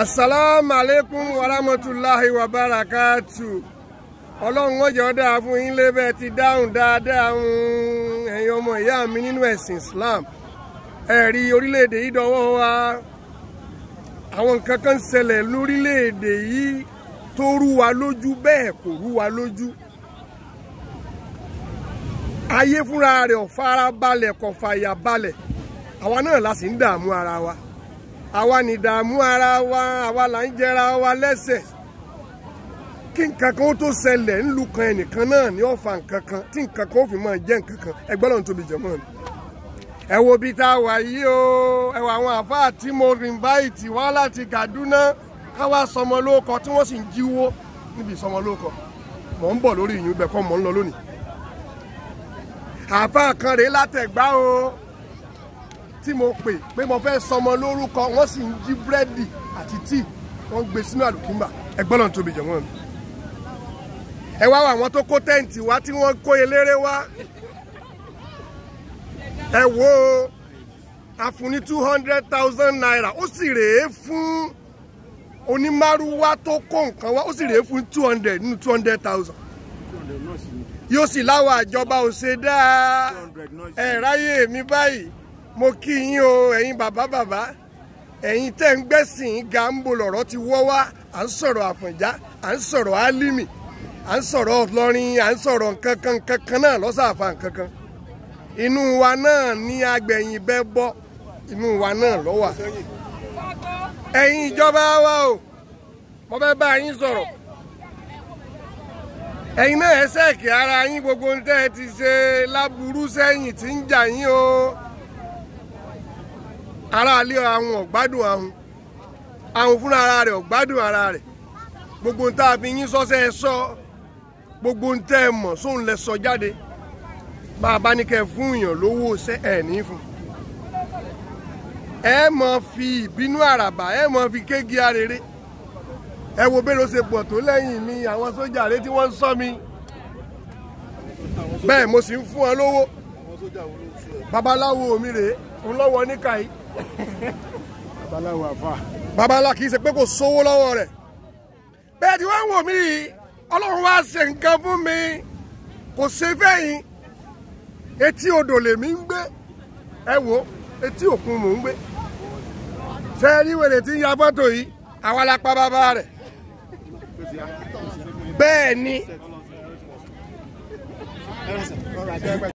asalaamu aleykum warahmatulahi wabarakatu ọlọ́run ó jẹ́ dáa fún yín lébẹ̀ ti dáhùn dáadáa ọmọ ìyá mi nínú Islam ẹ̀rí orílẹ̀-èdè yìí Awọn wa àwọn nǹkan kan yìí tó rú wa lójú kò rú wa lójú ayé fúnra àwa nìdààmú ara wa àwa là ń jẹra wa lẹ́sẹ̀ kí nǹkan kan ó tó ṣẹlẹ̀ ńlu kan ẹnìkan náà ní ọ̀fà nǹkan kan tí nǹkan kan ó fi máa jẹ́ nǹkan kan ẹgbẹ́ lọ́run tóbi jẹ̀ mọ́ mi. ẹ wo bí tá a wà yìí o ẹ wo àwọn àfáà tí mo rìnváìtì wá láti Kaduna káwá sọmọ lóko tí wọ́n sì ń jíwó níbi ìsọmọ lóko mò ń bọ̀ lórí ìyún ibẹ̀ kọ́ mò ń lọ lónìí. àfáà kan rèé látẹ̀gbá o. tí mo pè pé mo fẹ́ sọmọ lórúkọ wọ́n sì ń jí búrẹ́dì àti tíì wọ́n gbé sínú àlùkìmbà ẹgbọ́n náà tóbi jẹ̀wọ́n mi. ẹ wá àwọn tó kó tẹ́ǹtì wá tí wọ́n kó eléré wá ẹ wo a two hundred thousand naira ó sì rèé fún onímárúwá tó kó nǹkan wá ó sì rèé fún two hundred nínú two hundred thousand yóò sì láwọn àjọba ò ṣe dáa ẹ ráyè mi báyìí. mo kí yín o ẹ̀yin baba bàbá ẹ̀yin tẹ́ ń gbẹ́sìn ga ń bo lọ̀rọ̀ ti wọ́ wá à ń sọ̀rọ̀ àfọ̀njá à ń sọ̀rọ̀ álímì à ń sọ̀rọ̀ ọlọ́rin à ń sọ̀rọ̀ nkankan nkankan náà lọ́sàáfà nkankan inú wa náà ní agbẹ̀yìn bẹ́ bọ́ inú wa náà lọ́wà ẹ̀yin ìjọba wa o mo fẹ́ bá yín sọ̀rọ̀ ẹyin náà ẹ ṣẹ́ẹ̀kì ara yín gbogbo ohun tẹ́ ẹ ti ṣe láburú sẹ́yìn tí ń jà yín o. aráalé àwọn ọ̀gbádùn àwọn àwọn fúnra ara rẹ̀ ọ̀gbádùn ara rẹ̀ gbogbo nta fi yín sọ́sẹ́ ẹ sọ gbogbo nta ẹ mọ̀ sóun lẹ sọ jáde bá a bá ní kẹ fún èèyàn lówó ṣe ẹ ní fún ẹ mọ fi ìbínú àràbà ẹ mọ fi kéegi arèrè ẹ wo bẹ́ẹ̀ ló ṣe pọ̀ tó lẹ́yìn mi àwọn sójà rẹ tí wọ́n ń sọ mi bẹ́ẹ̀ mo sì ń fún wọn lówó babaláwo mi rèé ń lọ́wọ́ níkàyí babaláwo àfà. babalá kì í ṣe pé kò sówó lọ́wọ́ rẹ̀ bẹ́ẹ̀ tí wọ́n ń wò mí yìí ọlọ́run wá ṣe nǹkan fún mi kò ṣe fẹ́yìn etí odò lèmi ń gbé ẹ wò etí òkun mò ń gbé ṣe é rí wèrè tí ń ya fọ́tò yìí àwa la pa bàbá rẹ̀ bẹ́ẹ̀ ni.